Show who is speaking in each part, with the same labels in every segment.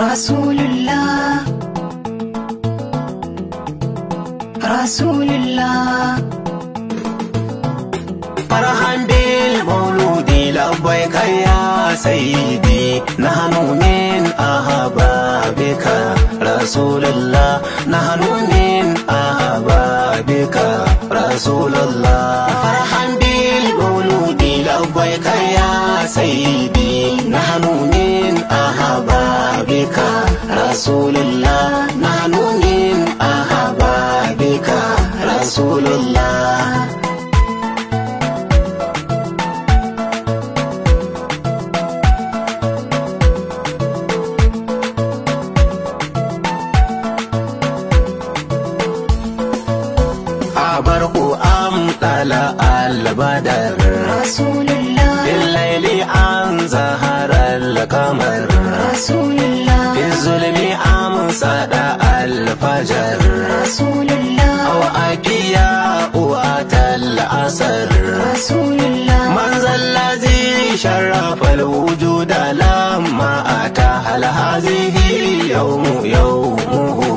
Speaker 1: رسول الله رسول الله فرحان بالمولود لبيك يا سيدي نحن من أحبابك رسول الله نحن من أحبابك رسول الله فرحان بالمولود لبيك يا سيدي رسول الله نحن من أهبى بك رسول الله أبركو أم طلع البدر رسول الله بالليل عن زهر القمر رسول الله hajar Aw afiya uwa tal'asar Manzan lazi sharrafa wujuda lamma ata hal hazihi yawmu yawmuhu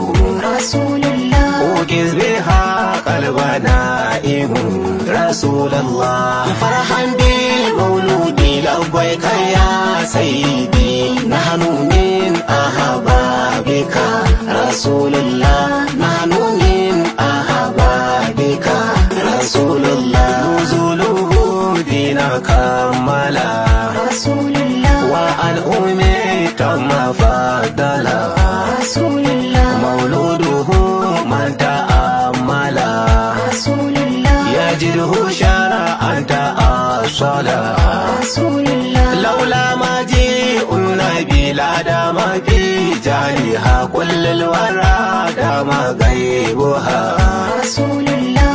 Speaker 1: Ukiz biha qalbana ihun Rasulallah farhan bil mauludi labbaika ya sayyidi na kammala wa al'ummi ta mafadala mauluduhu man ta'ammala ya jirhu shara'an ta'asala laula ma ji'un nabila da mafi ha kullul wara da ma magaibuha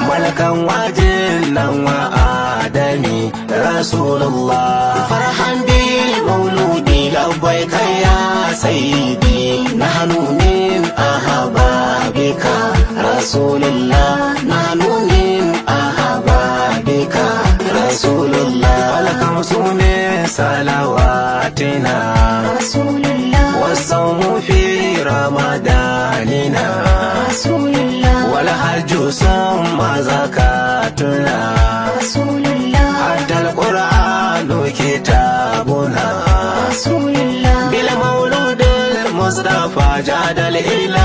Speaker 1: malakan wajen nan wa'a rasulullah farhan bil mauludi labbaik ya sayyidi nahnu min ahababika rasulullah nahnu min ahababika rasulullah alaka musune salawatina wasan wasawmu fi ramadanina rasulullah wal hajju summa zakatuna rasulullah jadal ila